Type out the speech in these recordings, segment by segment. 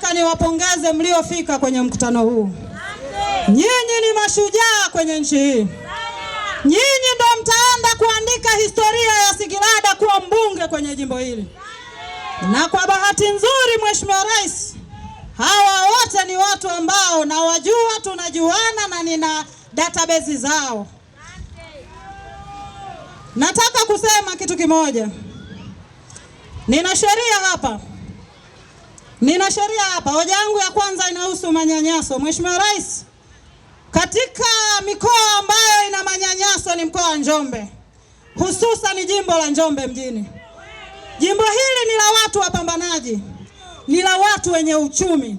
Nataka niwapongeze mliofika kwenye mkutano huu. Nyinyi ni mashujaa kwenye nchi hii. Nyinyi ndo mtaenda kuandika historia ya Sigrada kuwa mbunge kwenye jimbo hili. Na kwa bahati nzuri, Mheshimiwa Rais, hawa wote ni watu ambao nawajua, tunajuana na nina database zao. Nataka kusema kitu kimoja, nina sheria hapa Nina sheria hapa. Hoja yangu ya kwanza inahusu manyanyaso. Mheshimiwa Rais, katika mikoa ambayo ina manyanyaso ni mkoa wa Njombe, hususan ni jimbo la Njombe mjini. Jimbo hili ni la watu wapambanaji, ni la watu wenye uchumi,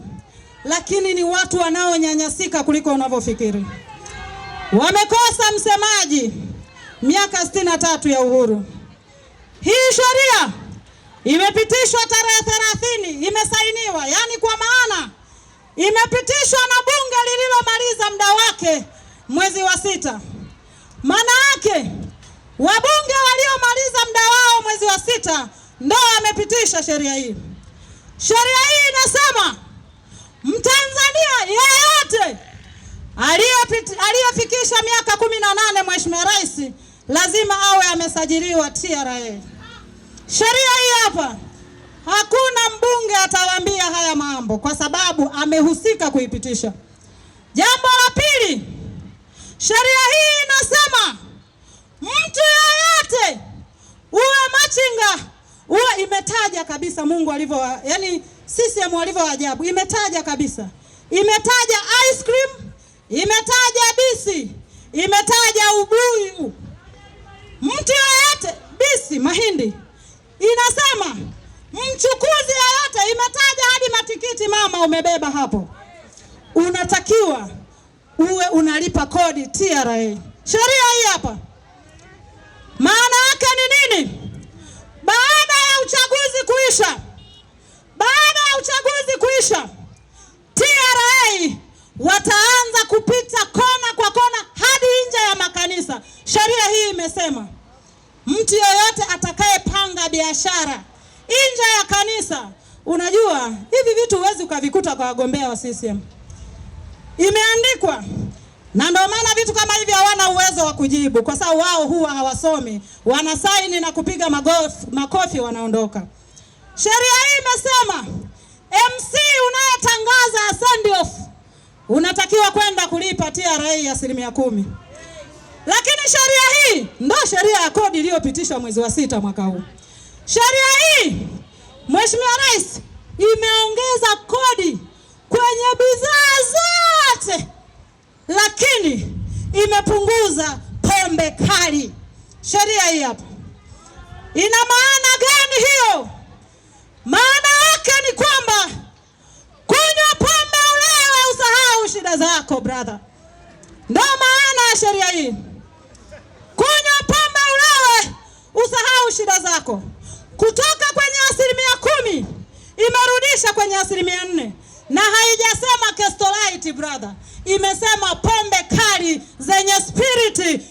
lakini ni watu wanaonyanyasika kuliko unavyofikiri. Wamekosa msemaji miaka sitini tatu ya uhuru. Hii sheria imepitishwa tarehe 30, imesainiwa yaani, kwa maana imepitishwa na bunge lililomaliza muda wake mwezi wa sita. Maana yake wabunge waliomaliza muda wao mwezi wa sita ndo wamepitisha sheria hii. Sheria hii inasema Mtanzania yeyote aliyefikisha miaka kumi na nane, Mheshimiwa Rais, lazima awe amesajiliwa TRA. Sheria hapa hakuna mbunge atawaambia haya mambo, kwa sababu amehusika kuipitisha. Jambo la pili, sheria hii inasema mtu yeyote uwe machinga uwe, imetaja kabisa Mungu alivyo, yani CCM alivyo ajabu, imetaja kabisa, imetaja ice cream, imetaja bisi, imetaja ubuyu, mtu yeyote bisi mahindi inasema mchukuzi yeyote, imetaja hadi matikiti mama umebeba hapo, unatakiwa uwe unalipa kodi TRA. Sheria hii hapa maana yake kufikishwa kwa wagombea wa CCM. Imeandikwa na ndio maana vitu kama hivi hawana uwezo wa kujibu, kwa sababu wao huwa hawasomi, wanasaini na kupiga magof, makofi wanaondoka. Sheria hii imesema MC unayetangaza send off unatakiwa kwenda kulipa TRA ya asilimia kumi, lakini sheria hii ndo sheria ya kodi iliyopitishwa mwezi wa sita mwaka huu. Sheria hii Mheshimiwa Rais imeongeza kodi kwenye bidhaa zote, lakini imepunguza pombe kali. Sheria hii hapo ina maana gani hiyo? Maana yake ni kwamba kunywa pombe, ulewe, usahau shida zako brother. Ndio maana ya sheria hii, kunywa pombe, ulewe, usahau shida zako, kutoka kwenye asilimia kumi imerudisha kwenye asilimia nne na haijasema Kestolite brother, imesema pombe kali zenye spiriti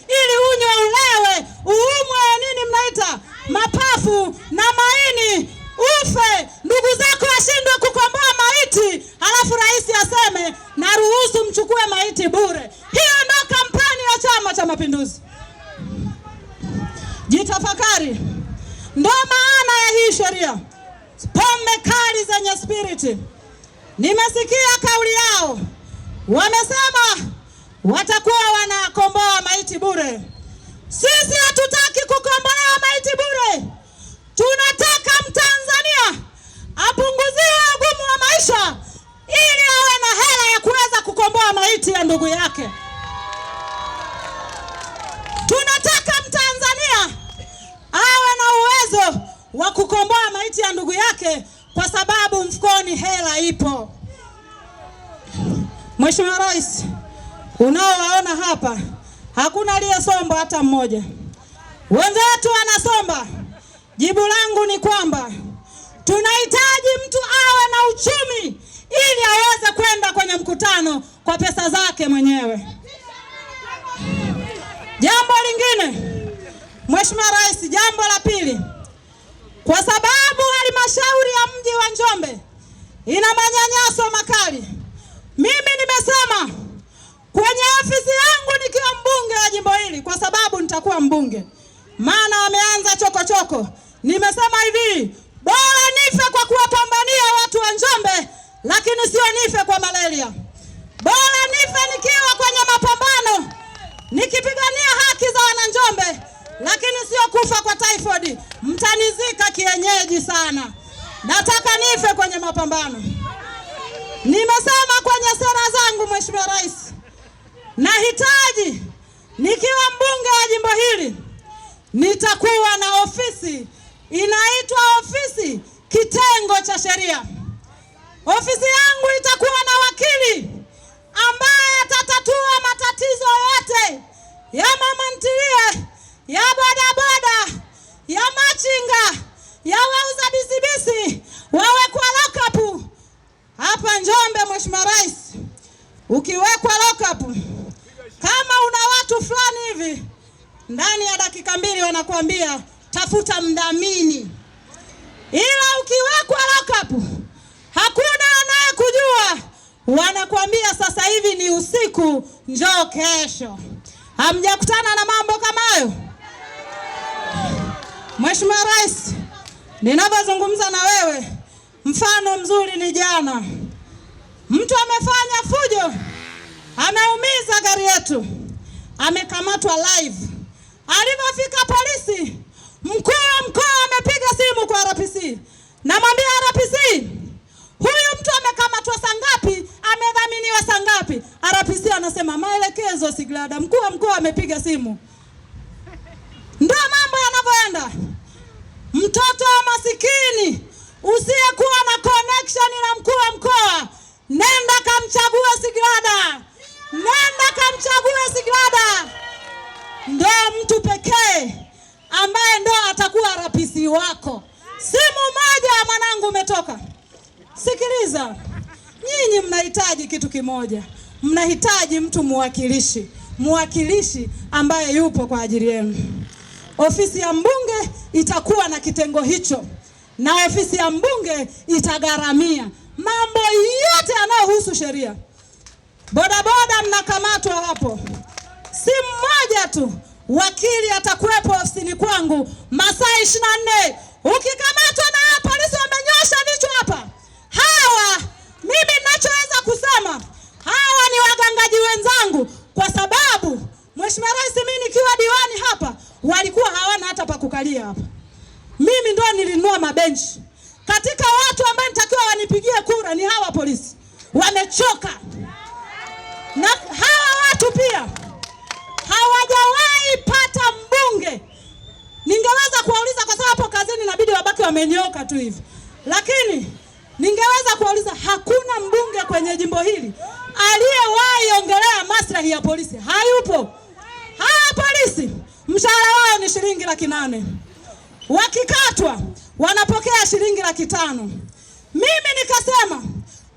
ndugu yake. Tunataka Mtanzania awe na uwezo wa kukomboa maiti ya ndugu yake, kwa sababu mfukoni hela ipo. Mheshimiwa Rais, unaowaona hapa hakuna aliyesomba hata mmoja, wenzetu wanasomba. Jibu langu ni kwamba tunahitaji mtu awe na uchumi ili aweze kwenda kwenye mkutano kwa pesa zake mwenyewe. Jambo lingine, Mheshimiwa Rais, jambo la pili, kwa sababu halmashauri ya mji wa Njombe ina manyanyaso makali, mimi nimesema kwenye ofisi yangu nikiwa mbunge wa jimbo hili, kwa sababu nitakuwa mbunge, maana wameanza chokochoko. Nimesema hivi, bora nife kwa kuwapambania watu wa Njombe, lakini sio nife kwa malaria. Bora nifanikiwa kwenye mapambano nikipigania haki za Wananjombe, lakini sio kufa kwa typhoid. Mtanizika kienyeji sana, nataka nife kwenye mapambano. Nimesema kwenye sera zangu, Mheshimiwa Rais, nahitaji nikiwa mbunge wa jimbo hili nitakuwa na ofisi inaitwa ofisi kitengo cha sheria ofisi ya ya mama ntilie, ya bodaboda, ya machinga, ya wauza bisibisi wawekwa lokapu hapa Njombe. Mheshimiwa Rais, ukiwekwa lokapu kama una watu fulani hivi, ndani ya dakika mbili wanakuambia tafuta mdhamini, ila ukiwekwa lokapu hakuna anayekujua, wanakuambia sasa hivi ni usiku, njoo kesho. Hamjakutana na mambo kama hayo? Mheshimiwa Rais, ninavyozungumza na wewe, mfano mzuri ni jana. Mtu amefanya fujo, ameumiza gari yetu, amekamatwa live. Alivyofika polisi, mkuu wa mkoa amepiga simu kwa RPC, namwambia RPC, huyu mtu amekamatwa saa ngapi? amedhaminiwa saa ngapi? RPC anasema maelekezo Siglada, mkuu wa mkoa amepiga simu. ndo mambo yanavyoenda. Mtoto wa masikini usiyekuwa na connection na mkuu wa mkoa, nenda kamchague Siglada, nenda kamchague Siglada, ndo mtu pekee ambaye ndo atakuwa RPC wako. Simu moja mwanangu umetoka, sikiliza Nyinyi mnahitaji kitu kimoja, mnahitaji mtu mwakilishi, mwakilishi ambaye yupo kwa ajili yenu. Ofisi ya mbunge itakuwa na kitengo hicho, na ofisi ya mbunge itagharamia mambo yote yanayohusu sheria. Bodaboda mnakamatwa hapo, si mmoja tu, wakili atakuwepo ofisini kwangu masaa ishirini na nne. Ukikamatwa na polisi wamenyosha vichwa hapa, hawa mimi ninachoweza kusema hawa ni wagangaji wenzangu, kwa sababu Mheshimiwa Rais, mimi nikiwa diwani hapa walikuwa hawana hata pa kukalia hapa. Mimi ndo nilinua mabenchi. Katika watu ambao nitakiwa wanipigie kura ni hawa polisi, wamechoka na hawa watu pia hawajawahi pata mbunge. Ningeweza kuwauliza kwa sababu hapo kazini inabidi wabaki wamenyoka tu hivi, lakini Ningeweza kuwauliza, hakuna mbunge kwenye jimbo hili aliyewahi ongelea maslahi ya polisi? Hayupo. Hawa polisi mshahara wao ni shilingi laki nane, wakikatwa wanapokea shilingi laki tano. Mimi nikasema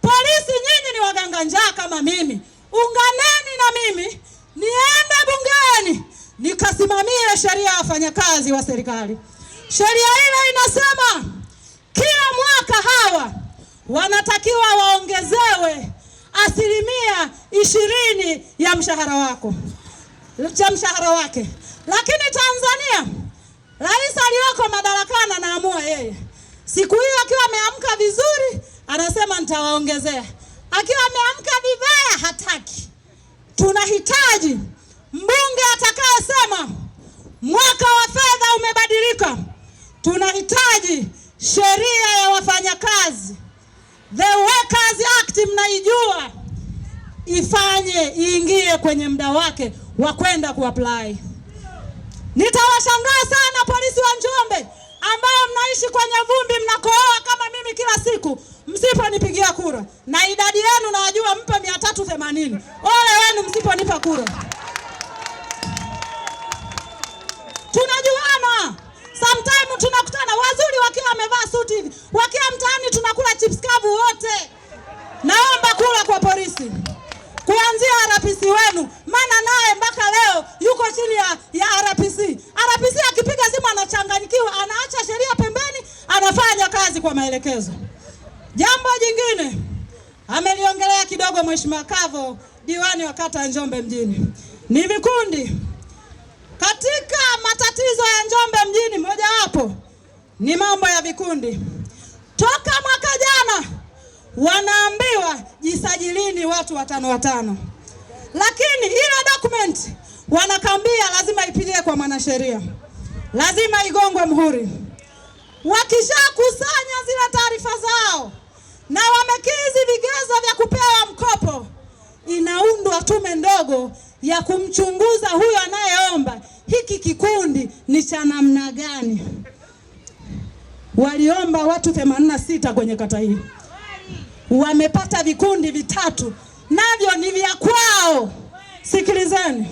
polisi, nyinyi ni waganga njaa kama mimi, unganeni na mimi niende bungeni nikasimamie sheria ya wafanyakazi wa serikali. Sheria ile inasema kila mwaka hawa wanatakiwa waongezewe asilimia ishirini ya mshahara wako cha mshahara wake. Lakini Tanzania, rais aliyoko madarakani anaamua yeye. Siku hiyo akiwa ameamka vizuri, anasema nitawaongezea. Akiwa ameamka vibaya, hataki. Tunahitaji mbunge atakayesema mwaka wa fedha umebadilika. Tunahitaji sheria ya wafanyakazi The Workers Act mnaijua, ifanye iingie kwenye muda wake wa kwenda kuapply. Nitawashangaa sana polisi wa Njombe ambao mnaishi kwenye vumbi, mnakooa kama mimi kila siku, msiponipigia kura, na idadi yenu nawajua, mpe mia tatu themanini. Ole wenu msiponipa kura. Tunajua Sometime tunakutana wazuri wakiwa wamevaa suti hivi, wakiwa mtaani tunakula chips kavu wote. Naomba kula kwa polisi kuanzia RPC wenu, maana naye mpaka leo yuko chini ya, ya RPC. RPC akipiga simu anachanganyikiwa, anaacha sheria pembeni, anafanya kazi kwa maelekezo. Jambo jingine ameliongelea kidogo Mheshimiwa Kavo, diwani wa kata Njombe mjini, ni vikundi matatizo ya Njombe mjini, mojawapo ni mambo ya vikundi. Toka mwaka jana wanaambiwa jisajilini watu watano watano, lakini ile document wanakambia lazima ipitie kwa mwanasheria, lazima igongwe mhuri. Wakishakusanya zile taarifa zao na wamekizi vigezo vya kupewa mkopo, inaundwa tume ndogo ya kumchunguza huyo anayeomba hiki kikundi ni cha namna gani. Waliomba watu 86 kwenye kata hii, wamepata vikundi vitatu, navyo ni vya kwao. Sikilizeni,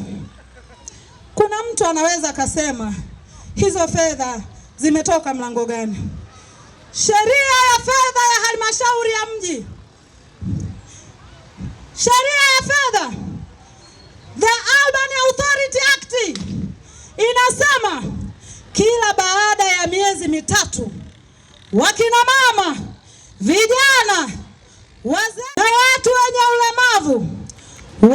kuna mtu anaweza akasema hizo fedha zimetoka mlango gani? Sheria ya fedha ya halmashauri ya mji, sheria ya fedha, the Urban Authority Act inasema kila baada ya miezi mitatu wakina mama, vijana, wazee na watu wenye ulemavu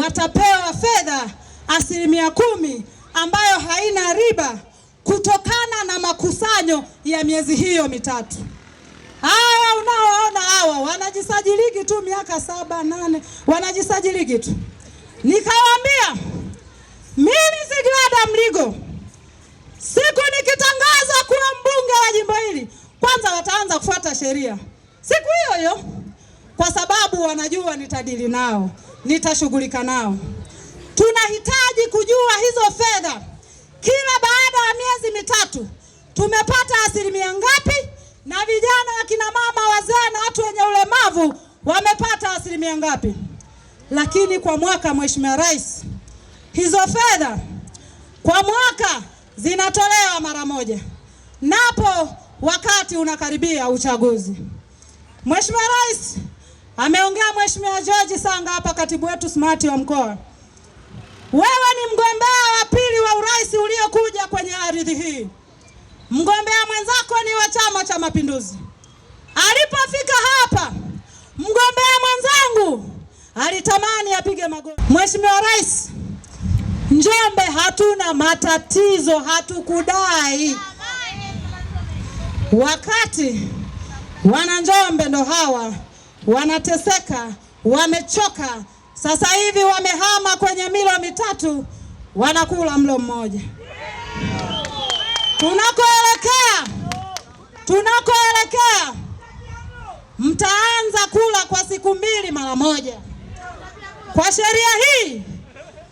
watapewa fedha asilimia kumi ambayo haina riba kutokana na makusanyo ya miezi hiyo mitatu. Hawa unaoona hawa wanajisajiliki tu miaka saba nane, wanajisajiliki tu. Nikawaambia mimi Sigrada Mligo Siku nikitangaza kuwa mbunge wa jimbo hili, kwanza wataanza kufuata sheria siku hiyo hiyo, kwa sababu wanajua nitadili nao, nitashughulika nao. Tunahitaji kujua hizo fedha kila baada ya miezi mitatu tumepata asilimia ngapi, na vijana, wakina mama, wazee na watu wenye ulemavu wamepata asilimia ngapi. Lakini kwa mwaka, Mheshimiwa Rais, hizo fedha kwa mwaka zinatolewa mara moja, napo wakati unakaribia uchaguzi. Mheshimiwa Rais ameongea, Mheshimiwa George Sanga hapa, katibu wetu smart wa mkoa, wewe ni mgombea wa pili wa urais uliokuja kwenye ardhi hii. Mgombea mwenzako ni wa Chama cha Mapinduzi. Alipofika hapa, mgombea mwenzangu alitamani apige magoti. Mheshimiwa Rais Njombe hatuna matatizo, hatukudai. Wakati wana njombe ndo hawa wanateseka, wamechoka. Sasa hivi wamehama kwenye milo mitatu, wanakula mlo mmoja. Tunakoelekea, tunakoelekea mtaanza kula kwa siku mbili mara moja. Kwa sheria hii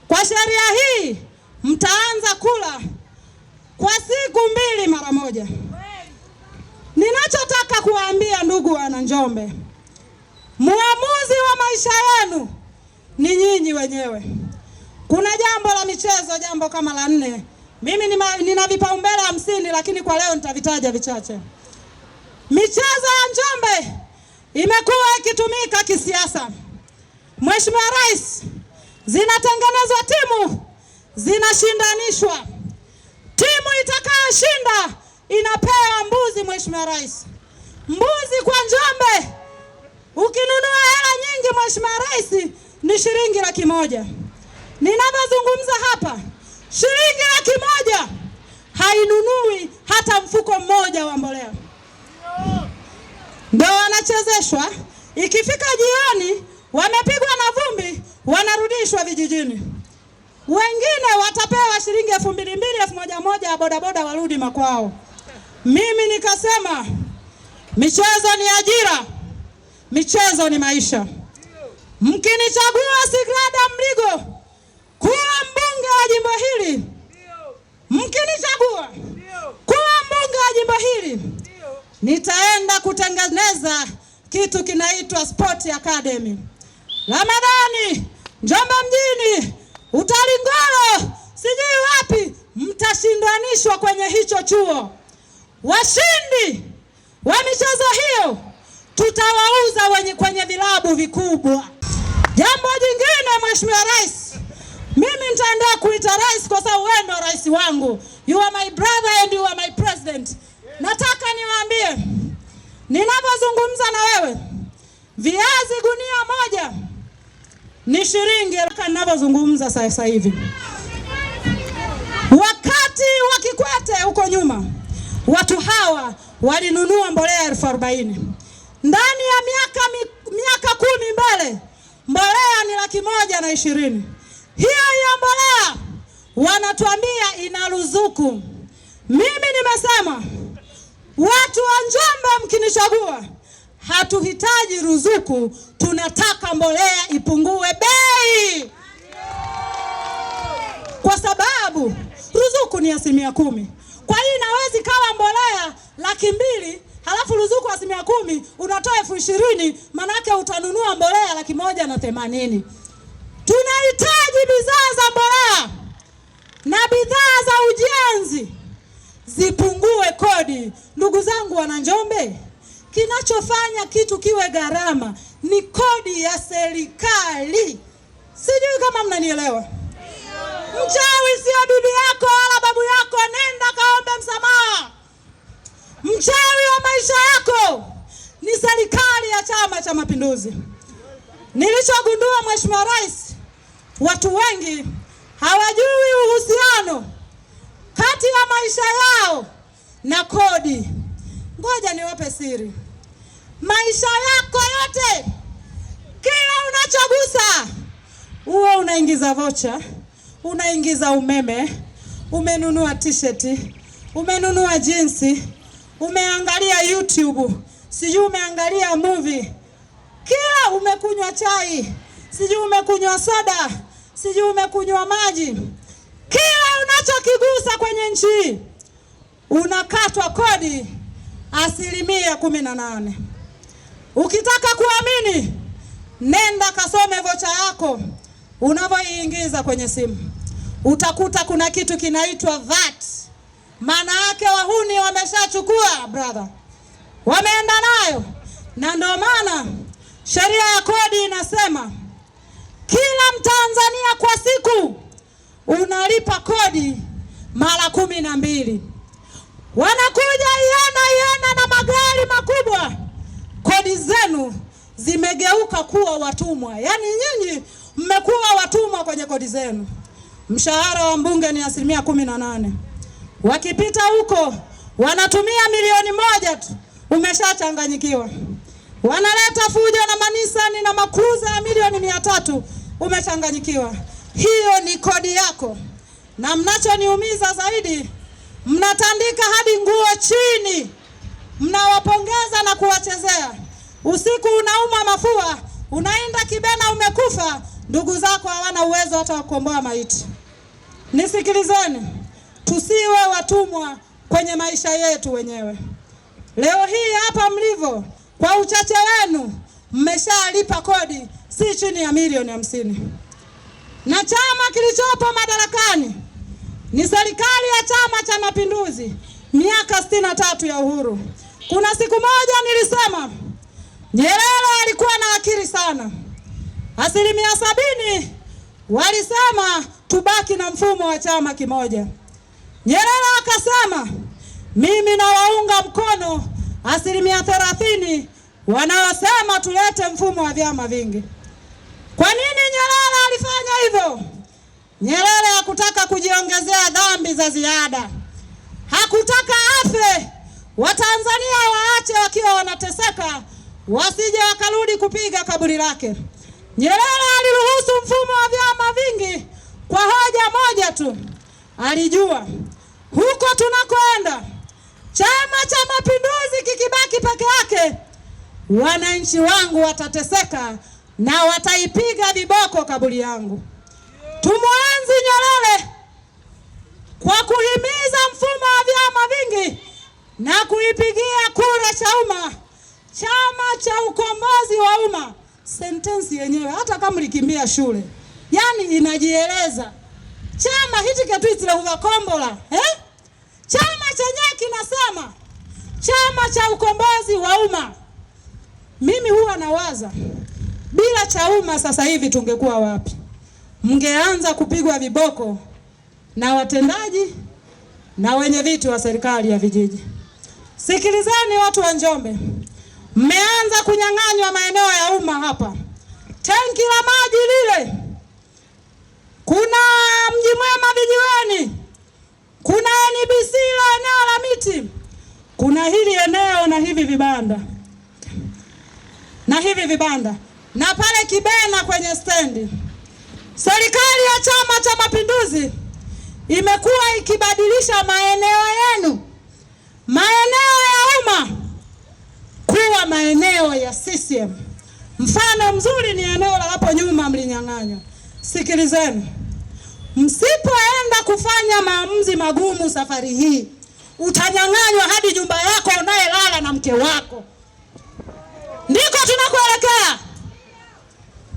kwa sheria hii mtaanza kula kwa siku mbili mara moja. Ninachotaka kuwaambia ndugu wana Njombe, muamuzi wa maisha yenu ni nyinyi wenyewe. Kuna jambo la michezo, jambo kama la nne. Mimi nina vipaumbele hamsini, lakini kwa leo nitavitaja vichache. Michezo ya Njombe imekuwa ikitumika kisiasa. Mheshimiwa Rais zinatengenezwa timu, zinashindanishwa. Timu itakayoshinda inapewa mbuzi. Mheshimiwa Rais, mbuzi kwa Njombe ukinunua hela nyingi, Mheshimiwa Rais, ni shilingi laki moja. Ninavyozungumza hapa, shilingi laki moja hainunui hata mfuko mmoja wa mbolea. Ndio wanachezeshwa, ikifika jioni wamepigwa na vumbi wanarudishwa vijijini, wengine watapewa shilingi elfu mbili mbili elfu moja moja ya bodaboda warudi makwao. Mimi nikasema michezo ni ajira, michezo ni maisha. Mkinichagua Sigrada Mligo kuwa mbunge wa jimbo hili, mkinichagua kuwa mbunge wa jimbo hili, nitaenda kutengeneza kitu kinaitwa Sport Academy. Ramadhani Njombe mjini, Utalingolo, sijui wapi, mtashindanishwa kwenye hicho chuo. Washindi wa michezo hiyo tutawauza wenye kwenye vilabu vikubwa. Jambo jingine, Mheshimiwa Rais, mimi nitaendelea kuita rais kwa sababu wewe ndo rais wangu. You are my brother and you are my president. Nataka niwaambie, ninapozungumza na wewe, viazi gunia moja ni shilingi ninavyozungumza sasa hivi. Wakati wa Kikwete huko nyuma, watu hawa walinunua mbolea elfu arobaini ndani ya miaka, miaka kumi mbele mbolea ni laki moja na ishirini. Hiyo hiyo mbolea wanatuambia ina ruzuku. Mimi nimesema watu wa Njombe, mkinichagua hatuhitaji ruzuku, tunataka mbolea ipungue bei, kwa sababu ruzuku ni asilimia kumi. Kwa hiyo inawezi kawa mbolea laki mbili halafu ruzuku asilimia kumi unatoa elfu ishirini manake utanunua mbolea laki moja na themanini. Tunahitaji bidhaa za mbolea na bidhaa za ujenzi zipungue kodi, ndugu zangu wana Njombe kinachofanya kitu kiwe gharama ni kodi ya serikali. Sijui kama mnanielewa. Mchawi sio bibi yako wala babu yako, nenda kaombe msamaha. Mchawi wa maisha yako ni serikali ya Chama cha Mapinduzi. Nilichogundua Mheshimiwa Rais, watu wengi hawajui uhusiano kati ya maisha yao na kodi. Ngoja niwape siri maisha yako yote, kila unachogusa huo unaingiza vocha, unaingiza umeme, umenunua t-shirt, umenunua jinsi, umeangalia YouTube, sijui umeangalia movie, kila umekunywa chai, sijui umekunywa soda, sijui umekunywa maji, kila unachokigusa kwenye nchi unakatwa kodi asilimia kumi na nane. Ukitaka kuamini, nenda kasome vocha yako unavyoiingiza kwenye simu, utakuta kuna kitu kinaitwa VAT. Maana yake wahuni wameshachukua brother, wameenda nayo, na ndio maana sheria ya kodi inasema kila Mtanzania kwa siku unalipa kodi mara kumi na mbili. Wanakuja iona iona na magari makubwa itikadi zenu zimegeuka kuwa watumwa, yaani nyinyi mmekuwa watumwa kwenye kodi zenu. Mshahara wa mbunge ni asilimia kumi na nane. Wakipita huko wanatumia milioni moja tu, umeshachanganyikiwa. Wanaleta fujo na manisani na makruza ya milioni mia tatu, umechanganyikiwa. Hiyo ni kodi yako, na mnachoniumiza zaidi, mnatandika hadi nguo chini, mnawapongeza na kuwachezea Usiku unauma mafua, unaenda Kibena umekufa, ndugu zako hawana uwezo hata wa kuomboa maiti. Nisikilizeni, tusiwe watumwa kwenye maisha yetu wenyewe. Leo hii hapa mlivyo, kwa uchache wenu mmeshalipa kodi si chini ya milioni hamsini, na chama kilichopo madarakani ni serikali ya Chama cha Mapinduzi, miaka sitini na tatu ya uhuru. Kuna siku moja nilisema Nyerere alikuwa na akili sana. Asilimia sabini walisema tubaki na mfumo wa chama kimoja. Nyerere akasema mimi nawaunga mkono asilimia thelathini wanaosema tulete mfumo wa vyama vingi. Kwa nini Nyerere alifanya hivyo? Nyerere hakutaka kujiongezea dhambi za ziada, hakutaka afe, Watanzania waache wakiwa wanateseka wasije wakarudi kupiga kaburi lake. Nyerere aliruhusu mfumo wa vyama vingi kwa hoja moja tu, alijua huko tunakoenda, Chama cha Mapinduzi kikibaki peke yake, wananchi wangu watateseka na wataipiga viboko kaburi yangu. tumwanzi Nyerere kwa kuhimiza mfumo wa vyama vingi na kuipigia kura Chauma Chama cha Ukombozi wa Umma, sentensi yenyewe hata kama likimbia shule, yani inajieleza chama hichi ketwitilehuvakombola eh? Chama chenyewe kinasema chama cha ukombozi wa umma. Mimi huwa nawaza bila CHAUMMA sasa hivi tungekuwa wapi? Mngeanza kupigwa viboko na watendaji na wenye viti wa serikali ya vijiji. Sikilizani watu wa Njombe mmeanza kunyang'anywa maeneo ya umma hapa. Tenki la maji lile, kuna mji mwema vijiweni, kuna NBC la eneo la miti, kuna hili eneo na hivi vibanda na hivi vibanda na pale Kibena kwenye stendi. Serikali ya Chama cha Mapinduzi imekuwa ikibadilisha maeneo yenu, maeneo ya umma kuwa maeneo ya CCM. Mfano mzuri ni eneo la hapo nyuma mlinyang'anywa. Sikilizeni, msipoenda kufanya maamuzi magumu safari hii, utanyang'anywa hadi nyumba yako unayelala na mke wako. Ndiko tunakuelekea.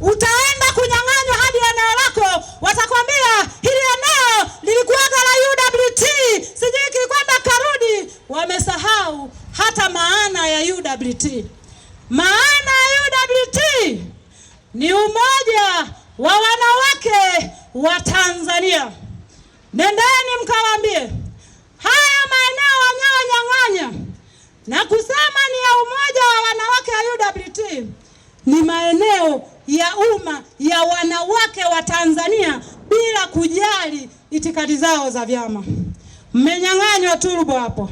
Utaenda kunyang'anywa hadi eneo lako, watakwambia UWT. Maana UWT ni umoja wa wanawake wa Tanzania. Nendeni mkawaambie haya maeneo wanayonyang'anya na kusema ni ya umoja wa wanawake wa UWT ni maeneo ya umma ya wanawake wa Tanzania bila kujali itikadi zao za vyama. Mmenyang'anywa turbo hapo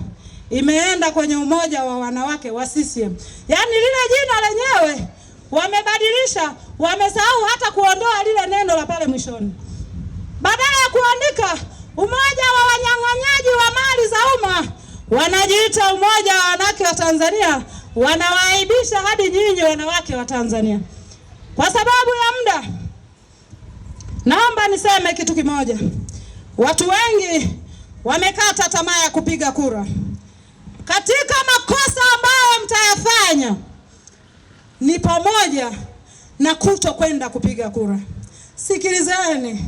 imeenda kwenye umoja wa wanawake wa CCM. Yaani lile jina lenyewe wamebadilisha, wamesahau hata kuondoa lile neno la pale mwishoni, badala ya kuandika umoja wa wanyang'anyaji wa mali za umma wanajiita umoja wa wanawake wa Tanzania. Wanawaaibisha hadi nyinyi wanawake wa Tanzania. Kwa sababu ya muda, naomba niseme kitu kimoja. Watu wengi wamekata tamaa ya kupiga kura. Katika makosa ambayo mtayafanya ni pamoja na kuto kwenda kupiga kura. Sikilizeni,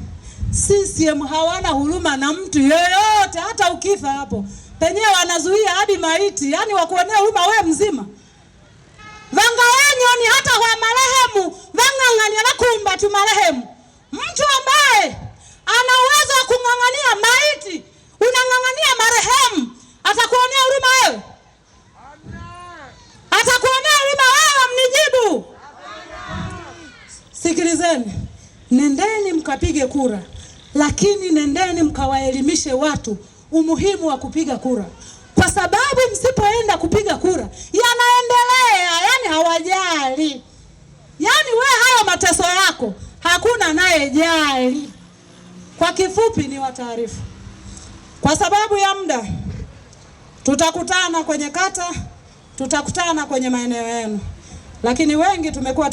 CCM hawana huruma na mtu yoyote, hata ukifa hapo penyewe wanazuia hadi maiti, yani wakuonea huruma wewe mzima vanga ni hata wa marehemu vang'ang'ania na kumba tu marehemu. Mtu ambaye ana uwezo wa kung'ang'ania maiti unang'ang'ania marehemu Sikilizeni, nendeni mkapige kura, lakini nendeni mkawaelimishe watu umuhimu wa kupiga kura, kwa sababu msipoenda kupiga kura yanaendelea, yani hawajali. Yani we hayo mateso yako hakuna anayejali. Kwa kifupi, ni wataarifu. Kwa sababu ya muda, tutakutana kwenye kata, tutakutana kwenye maeneo yenu, lakini wengi tumekuwa